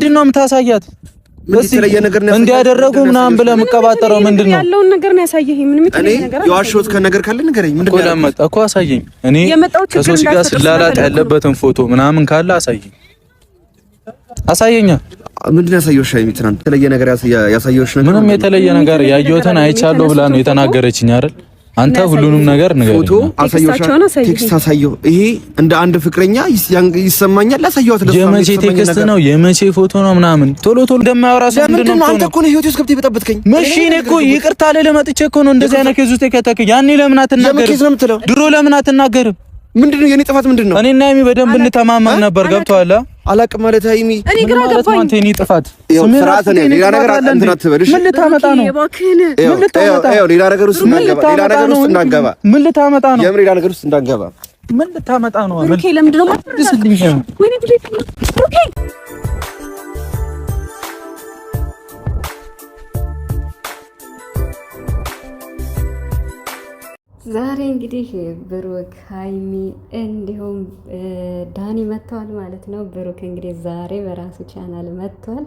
ምንድን ነው የምታሳያት? እንዲያደረጉ ምናምን ብለህ የምትቀባጠረው ምንድን ነው? ያለውን ነገር ነው ያሳየኸኝ። ምንም የዋሸሁት ነገር ካለ ንገረኝ። እኮ አሳየኝ። እኔ ከሶሲ ጋር ስላላጥ ያለበትን ፎቶ ምናምን ካለ አሳየኝ። አሳየኛ ምንድን ያሳየሁሽ? ሀይሚ ምትናን የተለየ ነገር ያሳየሁሽ ነገር ምንም የተለየ ነገር ያየሁትን አይቻለሁ ብላ ነው የተናገረችኝ አይደል? አንተ ሁሉንም ነገር ንገረኝ። ፎቶ ቴክስት ይሄ እንደ አንድ ፍቅረኛ ይሰማኛል። አሳየዋት። የመቼ ቴክስት ነው? የመቼ ፎቶ ነው? ምናምን ቶሎ ቶሎ እንደማያወራ ሰው ምንድን ነው? አንተ እኮ ነው ህይወቴ ውስጥ ገብተህ የበጠበጥከኝ። እሺ እኔ እኮ ይቅርታ ልልህ መጥቼ እኮ ነው እንደዚህ አይነት ኬዝ ውስጥ የከተከኝ። ያኔ ለምን አትናገርም? ድሮ ለምን አትናገርም? ምንድን ነው የኔ ጥፋት? ምንድን ነው? እኔና ሀይሚ በደንብ እንተማመን ነበር። ገብቶሃል? አላቅም ማለት ሀይሚ፣ እኔ ግራ ገባኝ። አንተ እኔ ጥፋት ስምራት ነው። ሌላ ነገር እንትን አትበልሽ። ምን ልታመጣ ነው? ምን ልታመጣ ነው? ሌላ ነገር ውስጥ እንዳንገባ፣ ሌላ ነገር ውስጥ እንዳንገባ። ምን ልታመጣ ነው? የምን ሌላ ነገር ውስጥ እንዳንገባ። ምን ልታመጣ ነው? ብሩኬ ለምንድን ነው ማለት ነው? ዛሬ እንግዲህ ብሩክ ሀይሚ እንዲሁም ዳኒ መጥተዋል ማለት ነው። ብሩክ እንግዲህ ዛሬ በራሱ ቻናል መጥቷል።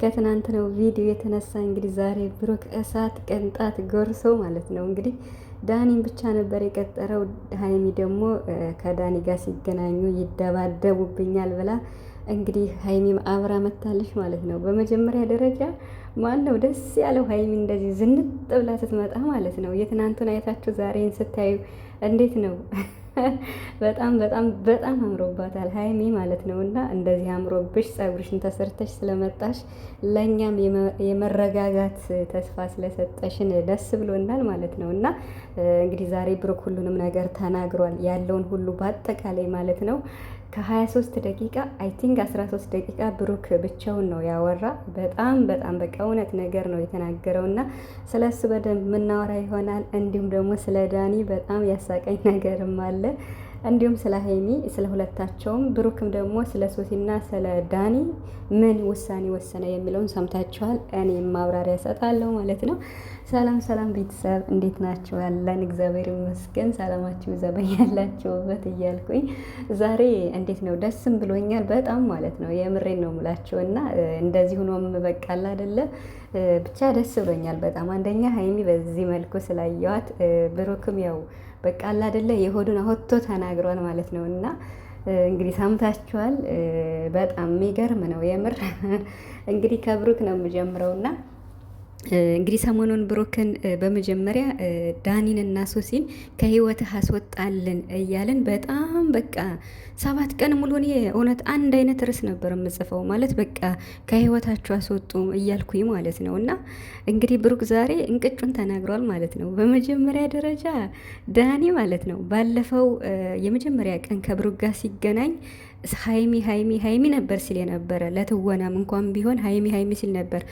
ከትናንት ነው ቪዲዮ የተነሳ እንግዲህ ዛሬ ብሩክ እሳት ቅንጣት ጎርሶ ማለት ነው። እንግዲህ ዳኒን ብቻ ነበር የቀጠረው። ሀይሚ ደግሞ ከዳኒ ጋር ሲገናኙ ይደባደቡብኛል ብላ እንግዲህ ሀይሚም አብራ መታለች ማለት ነው። በመጀመሪያ ደረጃ ማን ነው ደስ ያለው ሀይሚ እንደዚህ ዝንጥ ብላ ስትመጣ ማለት ነው። የትናንቱን አይታችሁ ዛሬን ስታዩ እንዴት ነው? በጣም በጣም በጣም አምሮባታል ሀይሚ ማለት ነው። እና እንደዚህ አምሮብሽ ጸጉርሽን ተሰርተሽ ስለመጣሽ ለእኛም የመረጋጋት ተስፋ ስለሰጠሽን ደስ ብሎናል ማለት ነው። እና እንግዲህ ዛሬ ብሩክ ሁሉንም ነገር ተናግሯል ያለውን ሁሉ በአጠቃላይ ማለት ነው። ከ23 ደቂቃ አይ ቲንክ 13 ደቂቃ ብሩክ ብቻውን ነው ያወራ። በጣም በጣም በቃ እውነት ነገር ነው የተናገረው እና ስለ እሱ በደንብ የምናወራ ይሆናል። እንዲሁም ደግሞ ስለ ዳኒ በጣም ያሳቀኝ ነገርም አለ። እንዲሁም ስለ ሀይሚ ስለ ሁለታቸውም ብሩክም ደግሞ ስለ ሶሲና ስለ ዳኒ ምን ውሳኔ ወሰነ የሚለውን ሰምታችኋል። እኔም ማብራሪያ እሰጣለሁ ማለት ነው። ሰላም ሰላም ቤተሰብ እንዴት ናቸው? ያለን እግዚአብሔር ይመስገን። ሰላማችሁ ዘበኝ ያላችሁበት እያልኩኝ ዛሬ እንዴት ነው ደስም ብሎኛል በጣም ማለት ነው። የምሬን ነው የምላቸው እና እንደዚህ ሆኖም በቃል አይደለም ብቻ ደስ ብሎኛል በጣም አንደኛ ሀይሚ በዚህ መልኩ ስላየዋት፣ ብሩክም ያው በቃ አላደለ የሆዱን አወጥቶ ተናግሯል ማለት ነው እና እንግዲህ ሰምታችኋል። በጣም የሚገርም ነው የምር። እንግዲህ ከብሩክ ነው የምጀምረውና እንግዲህ ሰሞኑን ብሩክን በመጀመሪያ ዳኒን እና ሶሲን ከህይወትህ አስወጣልን እያልን በጣም በቃ ሰባት ቀን ሙሉ እውነት አንድ አይነት ርዕስ ነበር የምጽፈው። ማለት በቃ ከህይወታችሁ አስወጡ እያልኩኝ ማለት ነው። እና እንግዲህ ብሩክ ዛሬ እንቅጩን ተናግሯል ማለት ነው። በመጀመሪያ ደረጃ ዳኒ ማለት ነው ባለፈው የመጀመሪያ ቀን ከብሩክ ጋር ሲገናኝ ሀይሚ ሀይሚ ሀይሚ ነበር ሲል የነበረ ለትወናም እንኳን ቢሆን ሀይሚ ሀይሚ ሲል ነበር።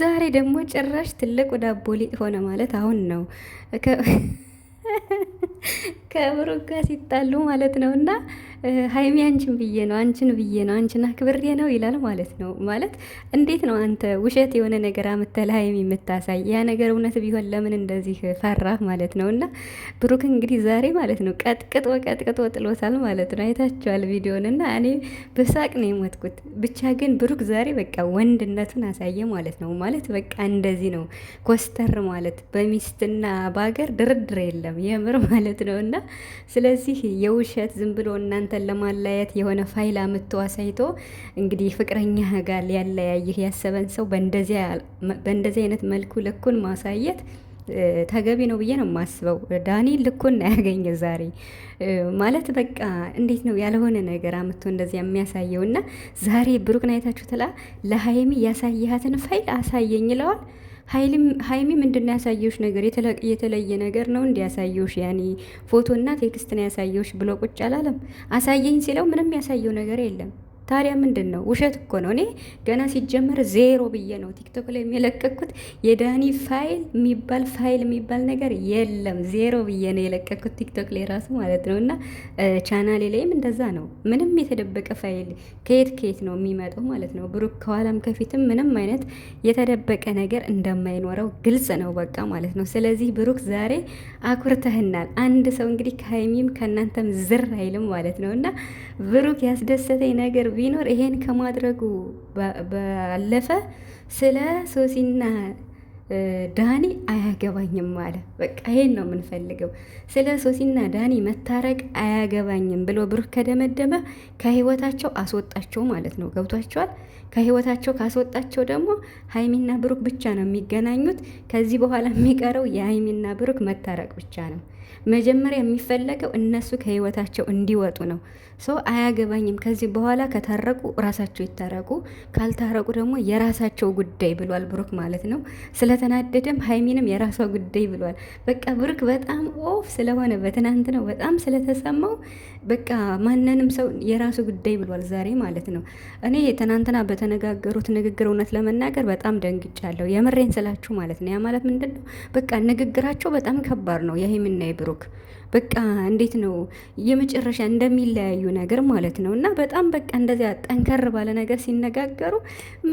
ዛሬ ደግሞ ጭራሽ ትልቁ ዳቦ ሊጥ ሆነ ማለት አሁን ነው ከብሩክ ጋር ሲጣሉ ማለት ነው እና ሀይሚ አንቺን ብዬ ነው አንቺን ብዬ ነው አንቺን አክብሬ ነው ይላል ማለት ነው። ማለት እንዴት ነው አንተ ውሸት የሆነ ነገር አምተህ ለሀይሚ የምታሳይ? ያ ነገር እውነት ቢሆን ለምን እንደዚህ ፈራህ ማለት ነው። እና ብሩክ እንግዲህ ዛሬ ማለት ነው ቀጥቅጦ ቀጥቅጦ ጥሎታል ማለት ነው። አይታችኋል ቪዲዮን እና እኔ በሳቅ ነው የሞትኩት። ብቻ ግን ብሩክ ዛሬ በቃ ወንድነቱን አሳየ ማለት ነው። ማለት በቃ እንደዚህ ነው ኮስተር ማለት በሚስትና በሀገር ድርድር የለም የምር ማለት ነው። እና ስለዚህ የውሸት ዝም ብሎ እናንተ እናንተን ለማለያየት የሆነ ፋይል አምጥቶ አሳይቶ እንግዲህ ፍቅረኛ ጋር ሊያለያይህ ያሰበን ሰው በእንደዚህ አይነት መልኩ ልኩን ማሳየት ተገቢ ነው ብዬ ነው የማስበው። ዳኒ ልኩን ያገኘ ዛሬ ማለት በቃ እንዴት ነው ያልሆነ ነገር አምቶ እንደዚያ የሚያሳየው እና ዛሬ ብሩክ ናይታችሁ ትላ ለሀይሚ ያሳየሃትን ፋይል አሳየኝ ይለዋል። ሀይሚ ምንድን ያሳየውሽ ነገር የተለየ ነገር ነው እንዲ ያኔ ፎቶና ቴክስትን ያሳየውሽ ብሎ ቁጭ አላለም። አሳየኝ ሲለው ምንም ያሳየው ነገር የለም። ታዲያ ምንድን ነው? ውሸት እኮ ነው። እኔ ገና ሲጀመር ዜሮ ብዬ ነው ቲክቶክ ላይ የለቀኩት። የዳኒ ፋይል የሚባል ፋይል የሚባል ነገር የለም። ዜሮ ብዬ ነው የለቀኩት ቲክቶክ ላይ ራሱ ማለት ነው። እና ቻናሌ ላይም እንደዛ ነው። ምንም የተደበቀ ፋይል ከየት ከየት ነው የሚመጣው ማለት ነው። ብሩክ ከኋላም ከፊትም ምንም አይነት የተደበቀ ነገር እንደማይኖረው ግልጽ ነው በቃ ማለት ነው። ስለዚህ ብሩክ ዛሬ አኩርተህናል። አንድ ሰው እንግዲህ ከሀይሚም ከእናንተም ዝር አይልም ማለት ነው። እና ብሩክ ያስደሰተኝ ነገር ቢኖር ይሄን ከማድረጉ ባለፈ ስለ ሶሲና ዳኒ አያገባኝም አለ። በቃ ይሄን ነው የምንፈልገው። ስለ ሶሲና ዳኒ መታረቅ አያገባኝም ብሎ ብሩክ ከደመደመ ከህይወታቸው አስወጣቸው ማለት ነው። ገብቷቸዋል። ከህይወታቸው ካስወጣቸው ደግሞ ሀይሚና ብሩክ ብቻ ነው የሚገናኙት። ከዚህ በኋላ የሚቀረው የሀይሚና ብሩክ መታረቅ ብቻ ነው። መጀመሪያ የሚፈለገው እነሱ ከህይወታቸው እንዲወጡ ነው። ሶ አያገባኝም። ከዚህ በኋላ ከታረቁ ራሳቸው ይታረቁ፣ ካልታረቁ ደግሞ የራሳቸው ጉዳይ ብሏል ብሩክ ማለት ነው። ስለተናደደም ሀይሚንም የራሷ ጉዳይ ብሏል። በቃ ብሩክ በጣም ኦፍ ስለሆነ በትናንት ነው በጣም ስለተሰማው በቃ ማንንም ሰው የራሱ ጉዳይ ብሏል ዛሬ ማለት ነው። እኔ ትናንትና በተነጋገሩት ንግግር እውነት ለመናገር በጣም ደንግጫለሁ። የምሬን ስላችሁ ማለት ነው። ያ ማለት ምንድን ነው? በቃ ንግግራቸው በጣም ከባድ ነው የሀይሚና የብሩክ በቃ እንዴት ነው የመጨረሻ እንደሚለያዩ ነገር ማለት ነው። እና በጣም በቃ እንደዚያ ጠንከር ባለ ነገር ሲነጋገሩ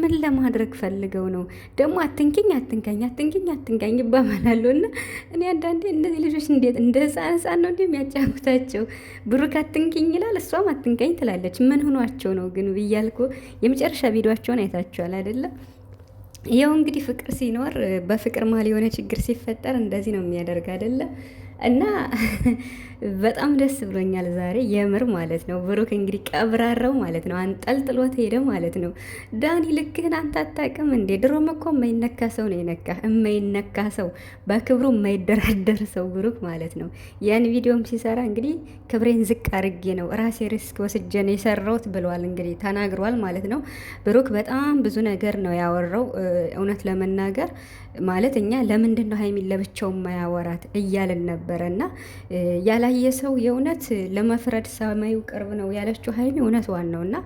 ምን ለማድረግ ፈልገው ነው ደግሞ አትንኪኝ፣ አትንካኝ፣ አትንኪኝ፣ አትንካኝ ይባባላሉ። እና እኔ አንዳንዴ እነዚህ ልጆች እንዴት እንደ ህፃን ህፃን ነው እንዲ የሚያጫውታቸው። ብሩክ አትንኪኝ ይላል፣ እሷም አትንካኝ ትላለች። ምን ሆኗቸው ነው ግን ብያልኩ የመጨረሻ ቪዲዮቸውን አይታችኋል አይደለም? ያው እንግዲህ ፍቅር ሲኖር በፍቅር መሀል የሆነ ችግር ሲፈጠር እንደዚህ ነው የሚያደርግ አይደለም? እና በጣም ደስ ብሎኛል ዛሬ የምር ማለት ነው። ብሩክ እንግዲህ ቀብራረው ማለት ነው አንጠልጥሎት ሄደ ማለት ነው። ዳኒ ልክህን አንተ አታውቅም እንዴ? ድሮም እኮ የማይነካ ሰው ነው የነካ የማይነካ ሰው በክብሩ የማይደራደር ሰው ብሩክ ማለት ነው። ያን ቪዲዮም ሲሰራ እንግዲህ ክብሬን ዝቅ አርጌ ነው ራሴ ሪስክ ወስጄ ነው የሰራሁት ብለዋል እንግዲህ ተናግሯል ማለት ነው። ብሩክ በጣም ብዙ ነገር ነው ያወራው እውነት ለመናገር ማለት እኛ ለምንድን ነው ሀይሚን ለብቻው ማያወራት እያልን ነበር ነበረ እና ያላየ ሰው የእውነት ለመፍረድ ሰማዩ ቅርብ ነው ያለችው ሀይሚ እውነት ዋናው እና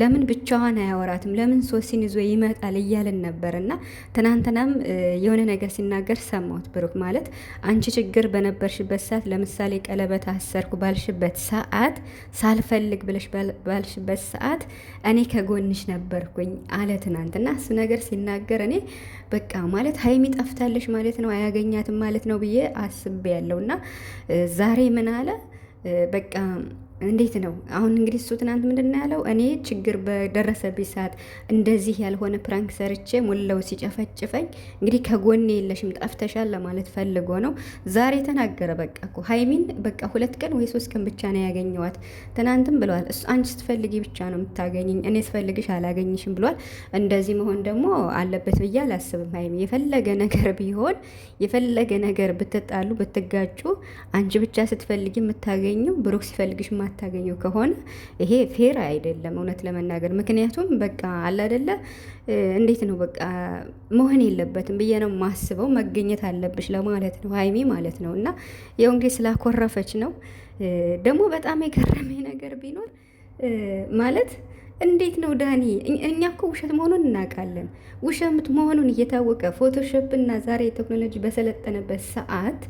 ለምን ብቻዋን አያወራትም? ለምን ሶሲን ይዞ ይመጣል እያልን ነበር እና ትናንትናም የሆነ ነገር ሲናገር ሰማሁት። ብሩክ ማለት አንቺ ችግር በነበርሽበት ሰዓት፣ ለምሳሌ ቀለበት አሰርኩ ባልሽበት ሰዓት፣ ሳልፈልግ ብለሽ ባልሽበት ሰዓት እኔ ከጎንሽ ነበርኩኝ አለ ትናንትና። እሱ ነገር ሲናገር እኔ በቃ ማለት ሀይሚ ጠፍታለሽ ማለት ነው አያገኛትም ማለት ነው ብዬ አስቤ ያለውና ዛሬ ምን አለ በቃ እንዴት ነው አሁን እንግዲህ እሱ ትናንት ምንድን ነው ያለው? እኔ ችግር በደረሰብኝ ሰዓት እንደዚህ ያልሆነ ፕራንክ ሰርቼ ሙለው ሲጨፈጭፈኝ እንግዲህ ከጎኔ የለሽም ጠፍተሻል ለማለት ፈልጎ ነው ዛሬ ተናገረ። በቃ እኮ ሀይሚን በቃ ሁለት ቀን ወይ ሶስት ቀን ብቻ ነው ያገኘዋት። ትናንትም ብለዋል እሱ አንቺ ስትፈልጊ ብቻ ነው የምታገኝኝ፣ እኔ ስፈልግሽ አላገኝሽም ብለዋል። እንደዚህ መሆን ደግሞ አለበት ብዬ አላስብም። ሀይሚ የፈለገ ነገር ቢሆን የፈለገ ነገር ብትጣሉ ብትጋጩ፣ አንቺ ብቻ ስትፈልጊ የምታገኘው ብሩክ ሲፈልግሽ የማታገኘው ከሆነ ይሄ ፌር አይደለም፣ እውነት ለመናገር ምክንያቱም በቃ አላደለ እንዴት ነው በቃ መሆን የለበትም ብዬ ነው ማስበው። መገኘት አለብሽ ለማለት ነው ሀይሚ ማለት ነው። እና ያው እንግዲህ ስላኮረፈች ነው ደግሞ በጣም የገረመኝ ነገር ቢኖር ማለት እንዴት ነው ዳኒ፣ እኛ እኮ ውሸት መሆኑን እናውቃለን። ውሸት መሆኑን እየታወቀ ፎቶሾፕ እና ዛሬ ቴክኖሎጂ በሰለጠነበት ሰዓት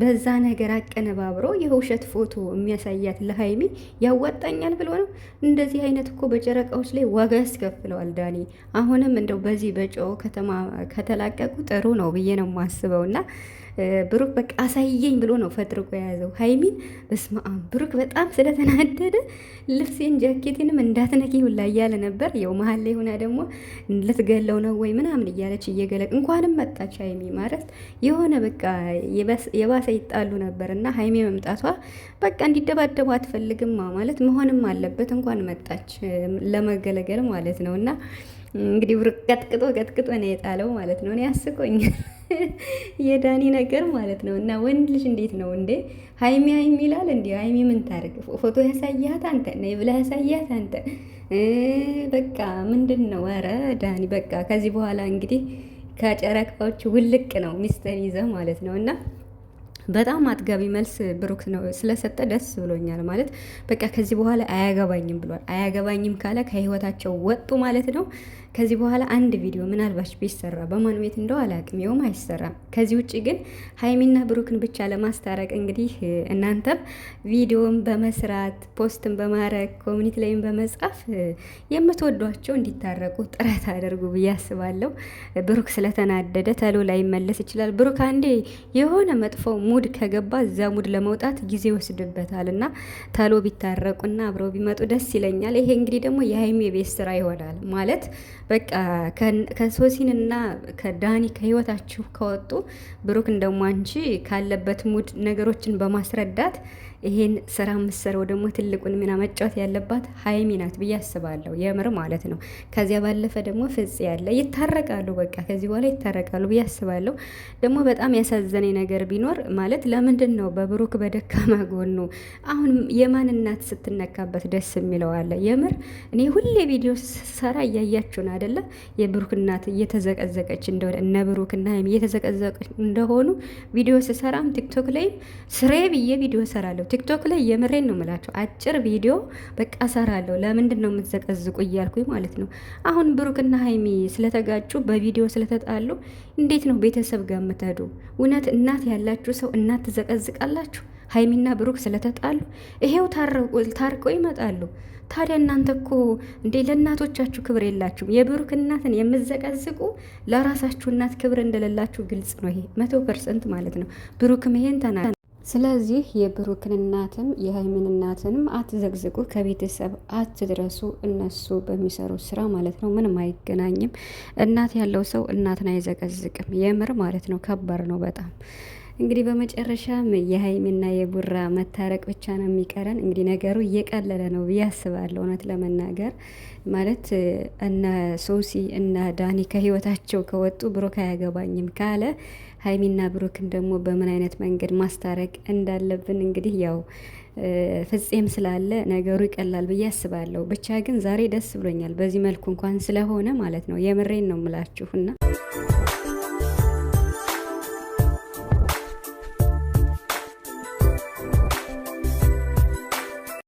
በዛ ነገር አቀነባብሮ የውሸት ፎቶ የሚያሳያት ለሀይሚ ያዋጣኛል ብሎ ነው። እንደዚህ አይነት እኮ በጨረቃዎች ላይ ዋጋ ያስከፍለዋል ዳኒ። አሁንም እንደው በዚህ በጮ ከተማ ከተላቀቁ ጥሩ ነው ብዬ ነው የማስበው እና ብሩክ በቃ አሳየኝ ብሎ ነው ፈጥርቆ የያዘው ሀይሚን። በስማአም ብሩክ በጣም ስለተናደደ ልብሴን ጃኬቴንም እንዳትነኪ ሁላ እያለ ነበር። ያው መሀል ላይ ሆና ደግሞ ልትገለው ነው ወይ ምናምን እያለች እየገለቅ እንኳንም መጣች ሀይሚ ማለት የሆነ በቃ የባሰ ይጣሉ ነበር እና ሀይሜ መምጣቷ በቃ እንዲደባደቡ አትፈልግም ማለት መሆንም አለበት። እንኳን መጣች ለመገለገል ማለት ነው እና እንግዲህ ብሩክ ቀጥቅጦ ቀጥቅጦ ነው የጣለው ማለት ነው። እኔ አስቆኝ የዳኒ ነገር ማለት ነው እና ወንድ ልጅ እንዴት ነው እንዴ? ሀይሚ ሀይሚ ይላል እንዲ ሀይሚ ምን ታርግ? ፎቶ ያሳያት አንተ ነይ ብላ ያሳያት አንተ በቃ ምንድን ነው? ኧረ ዳኒ በቃ ከዚህ በኋላ እንግዲህ ከጨረቃዎች ውልቅ ነው ሚስትን ይዘ ማለት ነው እና በጣም አጥጋቢ መልስ ብሩክ ነው ስለሰጠ ደስ ብሎኛል። ማለት በቃ ከዚህ በኋላ አያገባኝም ብሏል። አያገባኝም ካለ ከህይወታቸው ወጡ ማለት ነው። ከዚህ በኋላ አንድ ቪዲዮ ምናልባች ቢሰራ በማን ቤት እንደው አላቅም፣ ይኸውም አይሰራም። ከዚህ ውጭ ግን ሀይሚና ብሩክን ብቻ ለማስታረቅ እንግዲህ እናንተም ቪዲዮም በመስራት ፖስትን በማድረግ ኮሚኒቲ ላይም በመጻፍ የምትወዷቸው እንዲታረቁ ጥረት አድርጉ ብዬ አስባለሁ። ብሩክ ስለተናደደ ተሎ ላይ መለስ ይችላል። ብሩክ አንዴ የሆነ መጥፎ ሙድ ከገባ እዛ ሙድ ለመውጣት ጊዜ ይወስድበታል እና ተሎ ቢታረቁና አብረው ቢመጡ ደስ ይለኛል። ይሄ እንግዲህ ደግሞ የሀይሚ የቤት ስራ ይሆናል ማለት በቃ ከሶሲንና ከዳኒ ከህይወታችሁ ከወጡ ብሩክ እንደሞ አንቺ ካለበት ሙድ ነገሮችን በማስረዳት ይሄን ስራ የምትሰራው ደግሞ ትልቁን ሚና መጫወት ያለባት ሀይሚ ናት ብዬ አስባለሁ። የምር ማለት ነው። ከዚያ ባለፈ ደግሞ ፍጽ ያለ ይታረቃሉ። በቃ ከዚህ በኋላ ይታረቃሉ ብዬ አስባለሁ። ደግሞ በጣም ያሳዘነኝ ነገር ቢኖር ማለት ለምንድን ነው በብሩክ በደካማ ጎኑ አሁን የማን ስትነካበት ደስ የሚለው አለ? የምር እኔ ሁሌ ቪዲዮ ሰራ እያያችሁን አይደለ? የብሩክ እናት እየተዘቀዘቀች እንደሆነ እነ ብሩክና ሀይሚ እየተዘቀዘቀች እንደሆኑ ቪዲዮ ስሰራም ቲክቶክ ላይም ስሬ ብዬ ቪዲዮ ሰራለሁ ቲክቶክ ላይ የምሬን ነው ምላቸው አጭር ቪዲዮ በቃ እሰራለሁ። ለምንድን ነው የምትዘቀዝቁ እያልኩኝ ማለት ነው። አሁን ብሩክና ሀይሚ ስለተጋጩ በቪዲዮ ስለተጣሉ እንዴት ነው ቤተሰብ ጋር የምትሄዱ? እውነት እናት ያላችሁ ሰው እናት ትዘቀዝቃላችሁ? ሀይሚና ብሩክ ስለተጣሉ ይሄው ታርቀው ይመጣሉ። ታዲያ እናንተ እኮ እንዴ ለእናቶቻችሁ ክብር የላችሁም። የብሩክ እናትን የምዘቀዝቁ ለራሳችሁ እናት ክብር እንደሌላችሁ ግልጽ ነው። ይሄ መቶ ፐርሰንት ማለት ነው። ብሩክም ይሄን ተናግሯል። ስለዚህ የብሩክን እናትም የሀይሚን እናትንም አትዘግዝቁ፣ ከቤተሰብ አትድረሱ። እነሱ በሚሰሩት ስራ ማለት ነው ምንም አይገናኝም። እናት ያለው ሰው እናትን አይዘቀዝቅም። የምር ማለት ነው ከባድ ነው በጣም እንግዲህ በመጨረሻም የሀይሚና የቡራ መታረቅ ብቻ ነው የሚቀረን። እንግዲህ ነገሩ እየቀለለ ነው ብዬ አስባለሁ። እውነት ለመናገር ማለት እነ ሶሲ እና ዳኒ ከህይወታቸው ከወጡ ብሩክ አያገባኝም ካለ ሀይሚና ብሩክን ደግሞ በምን አይነት መንገድ ማስታረቅ እንዳለብን እንግዲህ ያው ፍፄም ስላለ ነገሩ ይቀላል ብዬ አስባለሁ። ብቻ ግን ዛሬ ደስ ብሎኛል፣ በዚህ መልኩ እንኳን ስለሆነ ማለት ነው። የምሬን ነው የምላችሁ እና